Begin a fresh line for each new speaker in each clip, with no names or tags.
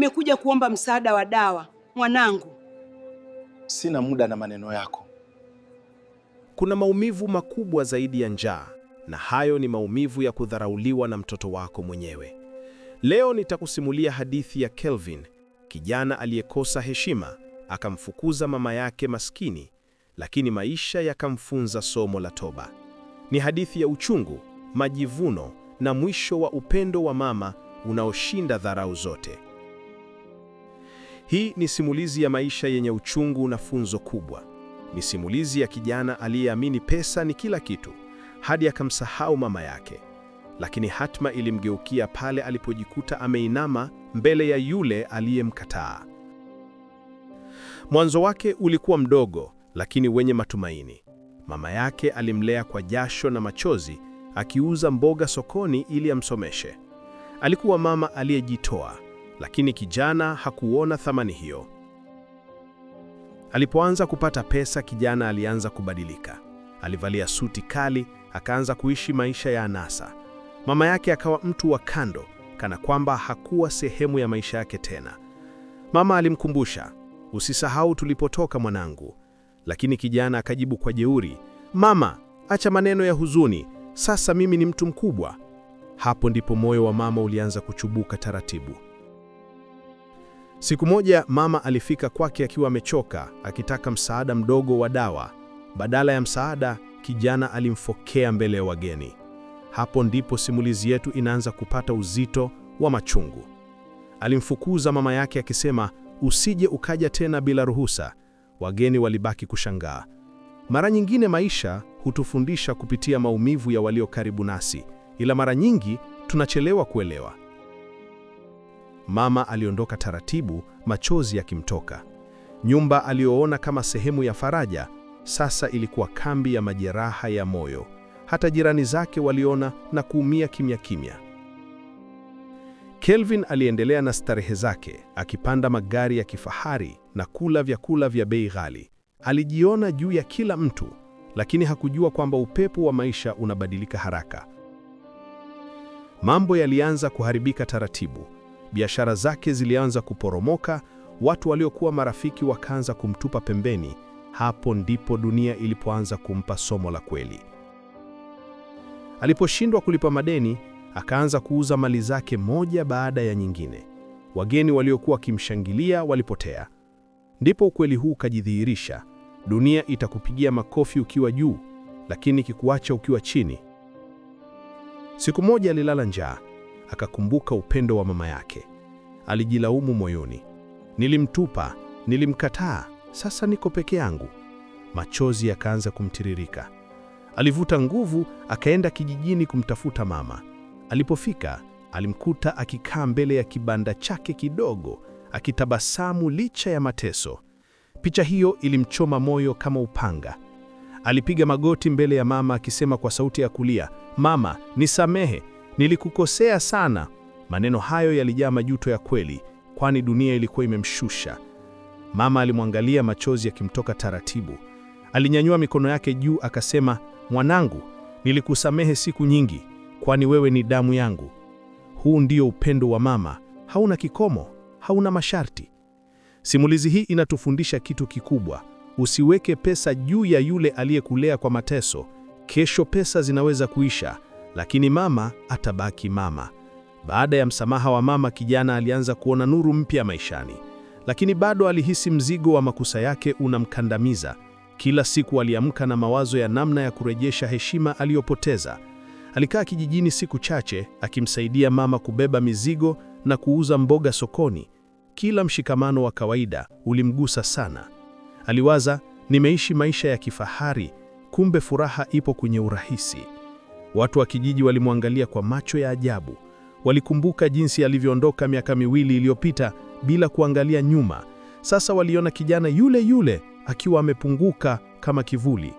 nimekuja kuomba msaada wa dawa mwanangu.
Sina muda na maneno yako.
Kuna maumivu makubwa zaidi ya njaa, na hayo ni maumivu ya kudharauliwa na mtoto wako mwenyewe. Leo nitakusimulia hadithi ya Kelvin, kijana aliyekosa heshima, akamfukuza mama yake maskini, lakini maisha yakamfunza somo la toba. Ni hadithi ya uchungu, majivuno na mwisho wa upendo wa mama unaoshinda dharau zote. Hii ni simulizi ya maisha yenye uchungu na funzo kubwa. Ni simulizi ya kijana aliyeamini pesa ni kila kitu hadi akamsahau mama yake, lakini hatma ilimgeukia pale alipojikuta ameinama mbele ya yule aliyemkataa. Mwanzo wake ulikuwa mdogo, lakini wenye matumaini. Mama yake alimlea kwa jasho na machozi, akiuza mboga sokoni ili amsomeshe. Alikuwa mama aliyejitoa lakini kijana hakuona thamani hiyo. Alipoanza kupata pesa, kijana alianza kubadilika. Alivalia suti kali, akaanza kuishi maisha ya anasa. Mama yake akawa mtu wa kando, kana kwamba hakuwa sehemu ya maisha yake tena. Mama alimkumbusha, usisahau tulipotoka mwanangu, lakini kijana akajibu kwa jeuri, mama, acha maneno ya huzuni, sasa mimi ni mtu mkubwa. Hapo ndipo moyo wa mama ulianza kuchubuka taratibu. Siku moja mama alifika kwake akiwa amechoka, akitaka msaada mdogo wa dawa. Badala ya msaada, kijana alimfokea mbele ya wageni. Hapo ndipo simulizi yetu inaanza kupata uzito wa machungu. Alimfukuza mama yake akisema, usije ukaja tena bila ruhusa. Wageni walibaki kushangaa. Mara nyingine maisha hutufundisha kupitia maumivu ya walio karibu nasi, ila mara nyingi tunachelewa kuelewa. Mama aliondoka taratibu, machozi yakimtoka. Nyumba aliyoona kama sehemu ya faraja sasa ilikuwa kambi ya majeraha ya moyo. Hata jirani zake waliona na kuumia kimya kimya. Kelvin aliendelea na starehe zake, akipanda magari ya kifahari na kula vyakula vya bei ghali. Alijiona juu ya kila mtu, lakini hakujua kwamba upepo wa maisha unabadilika haraka. Mambo yalianza kuharibika taratibu biashara zake zilianza kuporomoka, watu waliokuwa marafiki wakaanza kumtupa pembeni. Hapo ndipo dunia ilipoanza kumpa somo la kweli. Aliposhindwa kulipa madeni, akaanza kuuza mali zake moja baada ya nyingine. Wageni waliokuwa wakimshangilia walipotea. Ndipo ukweli huu ukajidhihirisha: dunia itakupigia makofi ukiwa juu, lakini ikikuacha ukiwa chini. Siku moja alilala njaa akakumbuka upendo wa mama yake. Alijilaumu moyoni, nilimtupa, nilimkataa, sasa niko peke yangu. Machozi yakaanza kumtiririka. Alivuta nguvu, akaenda kijijini kumtafuta mama. Alipofika alimkuta akikaa mbele ya kibanda chake kidogo, akitabasamu licha ya mateso. Picha hiyo ilimchoma moyo kama upanga. Alipiga magoti mbele ya mama akisema kwa sauti ya kulia, mama, nisamehe, nilikukosea sana. Maneno hayo yalijaa majuto ya kweli, kwani dunia ilikuwa imemshusha. Mama alimwangalia, machozi yakimtoka taratibu. Alinyanyua mikono yake juu akasema, mwanangu, nilikusamehe siku nyingi, kwani wewe ni damu yangu. Huu ndio upendo wa mama, hauna kikomo, hauna masharti. Simulizi hii inatufundisha kitu kikubwa: usiweke pesa juu ya yule aliyekulea kwa mateso. Kesho pesa zinaweza kuisha lakini mama atabaki mama. Baada ya msamaha wa mama, kijana alianza kuona nuru mpya maishani, lakini bado alihisi mzigo wa makosa yake unamkandamiza. Kila siku aliamka na mawazo ya namna ya kurejesha heshima aliyopoteza. Alikaa kijijini siku chache akimsaidia mama kubeba mizigo na kuuza mboga sokoni. Kila mshikamano wa kawaida ulimgusa sana. Aliwaza, nimeishi maisha ya kifahari, kumbe furaha ipo kwenye urahisi. Watu wa kijiji walimwangalia kwa macho ya ajabu. Walikumbuka jinsi alivyoondoka miaka miwili iliyopita bila kuangalia nyuma. Sasa waliona kijana yule yule akiwa amepunguka kama kivuli.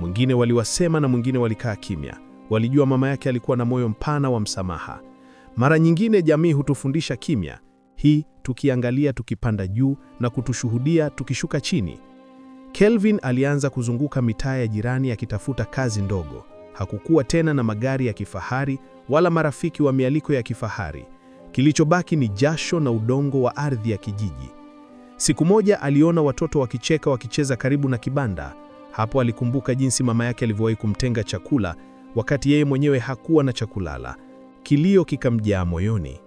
Mwingine waliwasema na mwingine walikaa kimya. Walijua mama yake alikuwa na moyo mpana wa msamaha. Mara nyingine jamii hutufundisha kimya, hii tukiangalia tukipanda juu na kutushuhudia tukishuka chini. Kelvin alianza kuzunguka mitaa ya jirani akitafuta kazi ndogo. Hakukuwa tena na magari ya kifahari wala marafiki wa mialiko ya kifahari. Kilichobaki ni jasho na udongo wa ardhi ya kijiji. Siku moja aliona watoto wakicheka wakicheza karibu na kibanda. Hapo alikumbuka jinsi mama yake alivyowahi kumtenga chakula wakati yeye mwenyewe hakuwa na cha kulala. Kilio kikamjaa moyoni.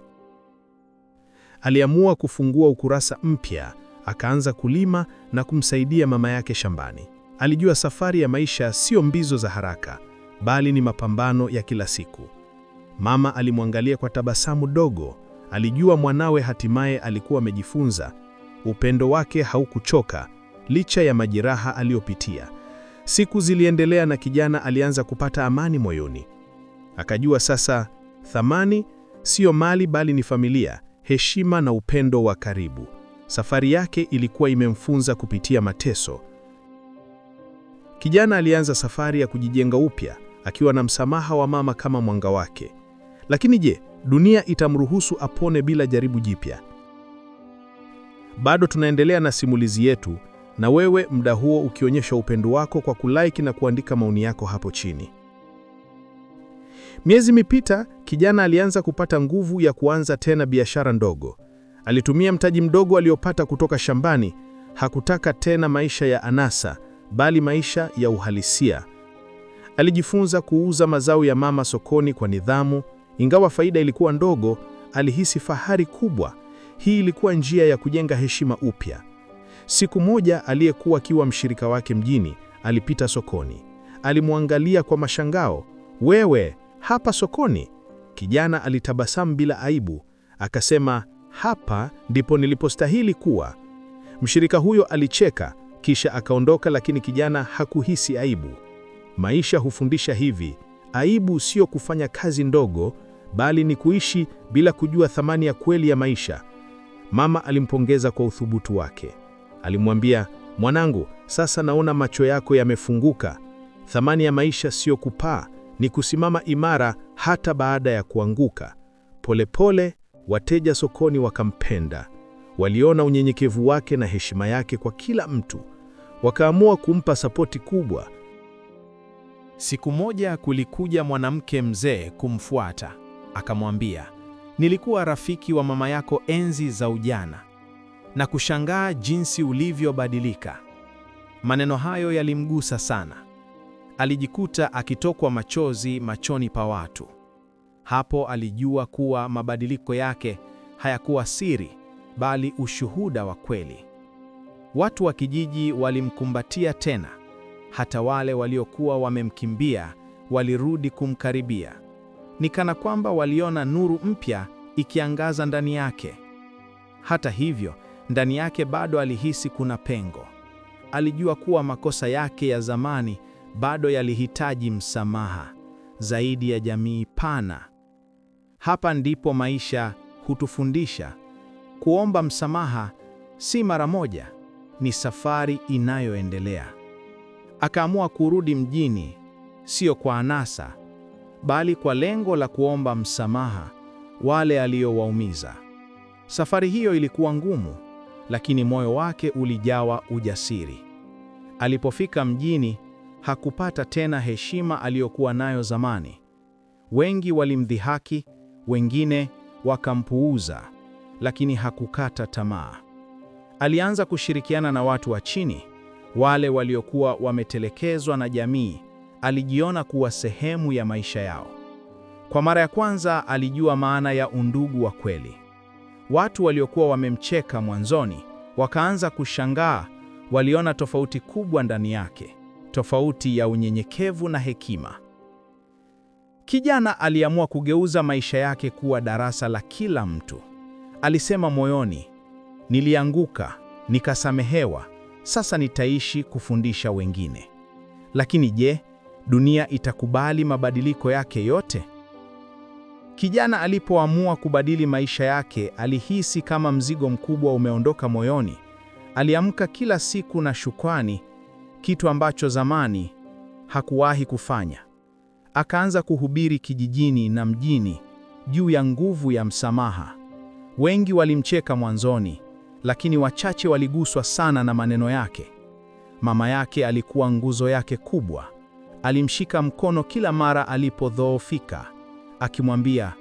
Aliamua kufungua ukurasa mpya, akaanza kulima na kumsaidia mama yake shambani. Alijua safari ya maisha sio mbizo za haraka, bali ni mapambano ya kila siku. Mama alimwangalia kwa tabasamu dogo, alijua mwanawe hatimaye alikuwa amejifunza. Upendo wake haukuchoka licha ya majeraha aliyopitia. Siku ziliendelea na kijana alianza kupata amani moyoni. Akajua sasa thamani siyo mali bali ni familia, heshima na upendo wa karibu. Safari yake ilikuwa imemfunza kupitia mateso. Kijana alianza safari ya kujijenga upya akiwa na msamaha wa mama kama mwanga wake. Lakini je, dunia itamruhusu apone bila jaribu jipya? Bado tunaendelea na simulizi yetu, na wewe muda huo ukionyesha upendo wako kwa kulike na kuandika maoni yako hapo chini. Miezi mipita, kijana alianza kupata nguvu ya kuanza tena biashara ndogo. Alitumia mtaji mdogo aliopata kutoka shambani. Hakutaka tena maisha ya anasa, bali maisha ya uhalisia. Alijifunza kuuza mazao ya mama sokoni kwa nidhamu. Ingawa faida ilikuwa ndogo, alihisi fahari kubwa. Hii ilikuwa njia ya kujenga heshima upya. Siku moja, aliyekuwa akiwa mshirika wake mjini alipita sokoni. Alimwangalia kwa mashangao. Wewe hapa sokoni? Kijana alitabasamu bila aibu, akasema, hapa ndipo nilipostahili kuwa. Mshirika huyo alicheka kisha akaondoka, lakini kijana hakuhisi aibu. Maisha hufundisha hivi, aibu sio kufanya kazi ndogo, bali ni kuishi bila kujua thamani ya kweli ya maisha. Mama alimpongeza kwa uthubutu wake. Alimwambia, mwanangu, sasa naona macho yako yamefunguka. Thamani ya maisha sio kupaa, ni kusimama imara hata baada ya kuanguka. Polepole wateja sokoni wakampenda, waliona unyenyekevu wake na heshima yake kwa kila mtu, wakaamua kumpa sapoti kubwa Siku moja kulikuja mwanamke mzee kumfuata, akamwambia, nilikuwa rafiki wa mama yako enzi za ujana na kushangaa jinsi ulivyobadilika. Maneno hayo yalimgusa sana, alijikuta akitokwa machozi machoni pa watu. Hapo alijua kuwa mabadiliko yake hayakuwa siri, bali ushuhuda wa kweli. Watu wa kijiji walimkumbatia tena hata wale waliokuwa wamemkimbia walirudi kumkaribia. Ni kana kwamba waliona nuru mpya ikiangaza ndani yake. Hata hivyo, ndani yake bado alihisi kuna pengo. Alijua kuwa makosa yake ya zamani bado yalihitaji msamaha zaidi ya jamii pana. Hapa ndipo maisha hutufundisha kuomba msamaha si mara moja, ni safari inayoendelea. Akaamua kurudi mjini, sio kwa anasa, bali kwa lengo la kuomba msamaha wale aliowaumiza. Safari hiyo ilikuwa ngumu, lakini moyo wake ulijawa ujasiri. Alipofika mjini, hakupata tena heshima aliyokuwa nayo zamani. Wengi walimdhihaki, wengine wakampuuza, lakini hakukata tamaa. Alianza kushirikiana na watu wa chini, wale waliokuwa wametelekezwa na jamii, alijiona kuwa sehemu ya maisha yao. Kwa mara ya kwanza alijua maana ya undugu wa kweli. Watu waliokuwa wamemcheka mwanzoni wakaanza kushangaa, waliona tofauti kubwa ndani yake, tofauti ya unyenyekevu na hekima. Kijana aliamua kugeuza maisha yake kuwa darasa la kila mtu. Alisema moyoni, nilianguka, nikasamehewa sasa nitaishi kufundisha wengine. Lakini je, dunia itakubali mabadiliko yake yote? Kijana alipoamua kubadili maisha yake, alihisi kama mzigo mkubwa umeondoka moyoni. Aliamka kila siku na shukrani, kitu ambacho zamani hakuwahi kufanya. Akaanza kuhubiri kijijini na mjini juu ya nguvu ya msamaha. Wengi walimcheka mwanzoni, lakini wachache waliguswa sana na maneno yake. Mama yake alikuwa nguzo yake kubwa. Alimshika mkono kila mara alipodhoofika, akimwambia,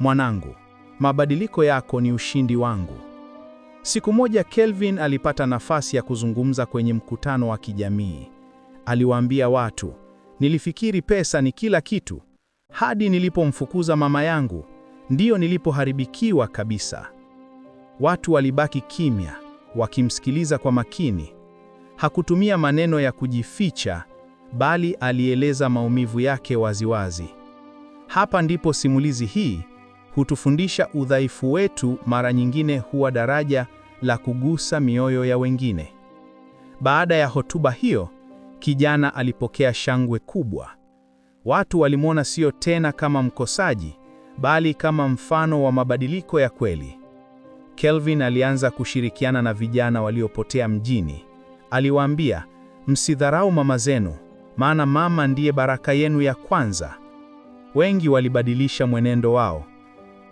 mwanangu, mabadiliko yako ni ushindi wangu. Siku moja Kelvin alipata nafasi ya kuzungumza kwenye mkutano wa kijamii. Aliwaambia watu, nilifikiri pesa ni kila kitu hadi nilipomfukuza mama yangu, ndiyo nilipoharibikiwa kabisa. Watu walibaki kimya, wakimsikiliza kwa makini. Hakutumia maneno ya kujificha, bali alieleza maumivu yake waziwazi. Hapa ndipo simulizi hii hutufundisha udhaifu wetu mara nyingine huwa daraja la kugusa mioyo ya wengine. Baada ya hotuba hiyo, kijana alipokea shangwe kubwa. Watu walimwona sio tena kama mkosaji, bali kama mfano wa mabadiliko ya kweli. Kelvin alianza kushirikiana na vijana waliopotea mjini. Aliwaambia, msidharau mama zenu, maana mama ndiye baraka yenu ya kwanza. Wengi walibadilisha mwenendo wao.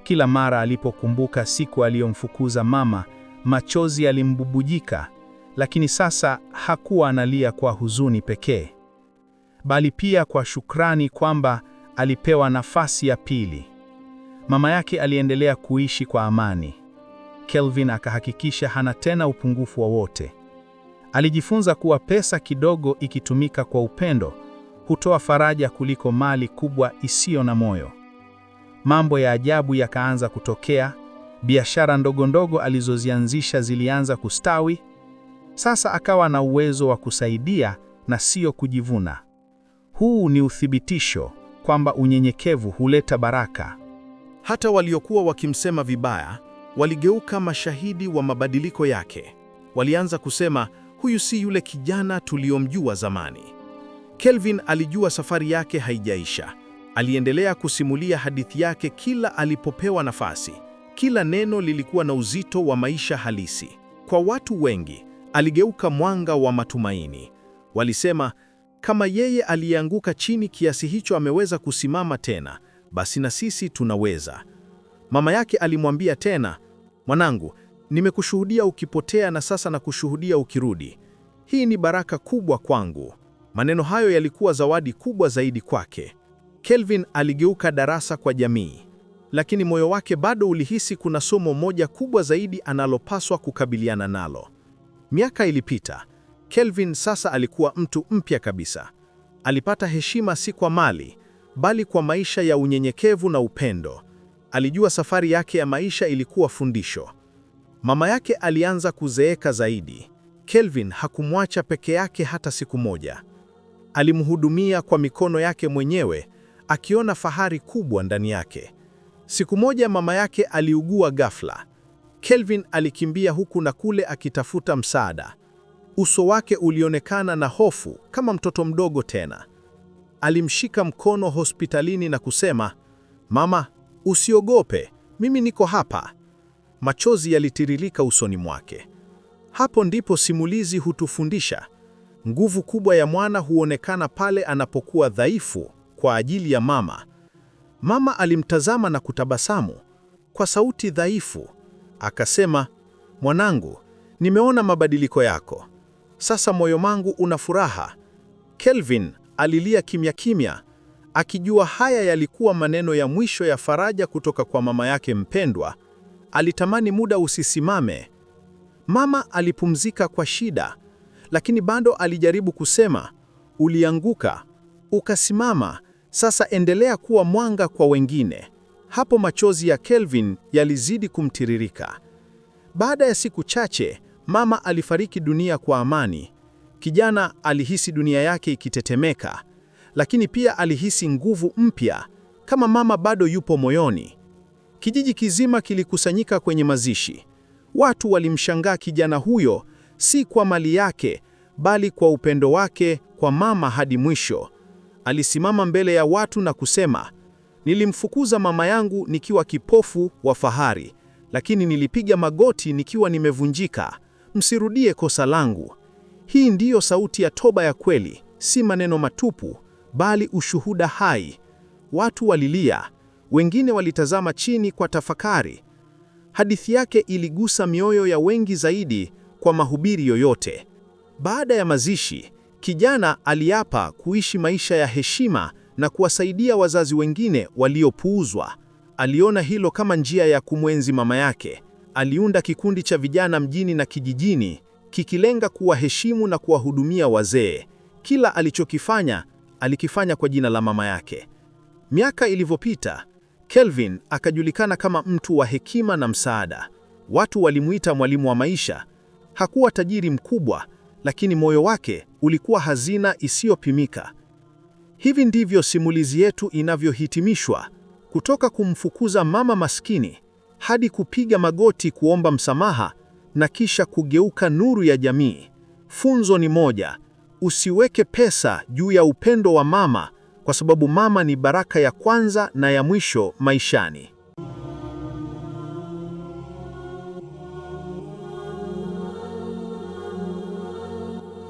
Kila mara alipokumbuka siku aliyomfukuza mama, machozi yalimbubujika, lakini sasa hakuwa analia kwa huzuni pekee, bali pia kwa shukrani kwamba alipewa nafasi ya pili. Mama yake aliendelea kuishi kwa amani. Kelvin akahakikisha hana tena upungufu wowote. Alijifunza kuwa pesa kidogo ikitumika kwa upendo hutoa faraja kuliko mali kubwa isiyo na moyo. Mambo ya ajabu yakaanza kutokea. Biashara ndogo ndogo alizozianzisha zilianza kustawi. Sasa akawa na uwezo wa kusaidia na sio kujivuna. Huu ni uthibitisho kwamba unyenyekevu huleta baraka. Hata waliokuwa wakimsema vibaya waligeuka mashahidi wa mabadiliko yake. Walianza kusema, huyu si yule kijana tuliomjua zamani. Kelvin alijua safari yake haijaisha. Aliendelea kusimulia hadithi yake kila alipopewa nafasi. Kila neno lilikuwa na uzito wa maisha halisi. Kwa watu wengi, aligeuka mwanga wa matumaini. Walisema, kama yeye aliyeanguka chini kiasi hicho ameweza kusimama tena, basi na sisi tunaweza. Mama yake alimwambia tena, Mwanangu, nimekushuhudia ukipotea na sasa nakushuhudia ukirudi. Hii ni baraka kubwa kwangu. Maneno hayo yalikuwa zawadi kubwa zaidi kwake. Kelvin aligeuka darasa kwa jamii, lakini moyo wake bado ulihisi kuna somo moja kubwa zaidi analopaswa kukabiliana nalo. Miaka ilipita. Kelvin sasa alikuwa mtu mpya kabisa. Alipata heshima si kwa mali, bali kwa maisha ya unyenyekevu na upendo alijua safari yake ya maisha ilikuwa fundisho. Mama yake alianza kuzeeka zaidi. Kelvin hakumwacha peke yake hata siku moja. Alimhudumia kwa mikono yake mwenyewe, akiona fahari kubwa ndani yake. Siku moja mama yake aliugua ghafla. Kelvin alikimbia huku na kule akitafuta msaada. Uso wake ulionekana na hofu kama mtoto mdogo tena. Alimshika mkono hospitalini na kusema, "Mama, usiogope, mimi niko hapa. Machozi yalitiririka usoni mwake. Hapo ndipo simulizi hutufundisha. Nguvu kubwa ya mwana huonekana pale anapokuwa dhaifu kwa ajili ya mama. Mama alimtazama na kutabasamu kwa sauti dhaifu, akasema, mwanangu, nimeona mabadiliko yako. Sasa moyo wangu una furaha. Kelvin alilia kimya kimya, Akijua haya yalikuwa maneno ya mwisho ya faraja kutoka kwa mama yake mpendwa, alitamani muda usisimame. Mama alipumzika kwa shida, lakini bado alijaribu kusema, ulianguka, ukasimama, sasa endelea kuwa mwanga kwa wengine. Hapo machozi ya Kelvin yalizidi kumtiririka. Baada ya siku chache, mama alifariki dunia kwa amani. Kijana alihisi dunia yake ikitetemeka lakini pia alihisi nguvu mpya, kama mama bado yupo moyoni. Kijiji kizima kilikusanyika kwenye mazishi. Watu walimshangaa kijana huyo, si kwa mali yake, bali kwa upendo wake kwa mama hadi mwisho. Alisimama mbele ya watu na kusema, nilimfukuza mama yangu nikiwa kipofu wa fahari, lakini nilipiga magoti nikiwa nimevunjika. Msirudie kosa langu. Hii ndiyo sauti ya toba ya kweli, si maneno matupu bali ushuhuda hai. Watu walilia, wengine walitazama chini kwa tafakari. Hadithi yake iligusa mioyo ya wengi zaidi kwa mahubiri yoyote. Baada ya mazishi, kijana aliapa kuishi maisha ya heshima na kuwasaidia wazazi wengine waliopuuzwa. Aliona hilo kama njia ya kumwenzi mama yake. Aliunda kikundi cha vijana mjini na kijijini, kikilenga kuwaheshimu na kuwahudumia wazee. Kila alichokifanya alikifanya kwa jina la mama yake. Miaka ilivyopita, Kelvin akajulikana kama mtu wa hekima na msaada. Watu walimuita mwalimu wa maisha. Hakuwa tajiri mkubwa, lakini moyo wake ulikuwa hazina isiyopimika. Hivi ndivyo simulizi yetu inavyohitimishwa, kutoka kumfukuza mama maskini hadi kupiga magoti kuomba msamaha na kisha kugeuka nuru ya jamii. Funzo ni moja: usiweke pesa juu ya upendo wa mama, kwa sababu mama ni baraka ya kwanza na ya mwisho maishani.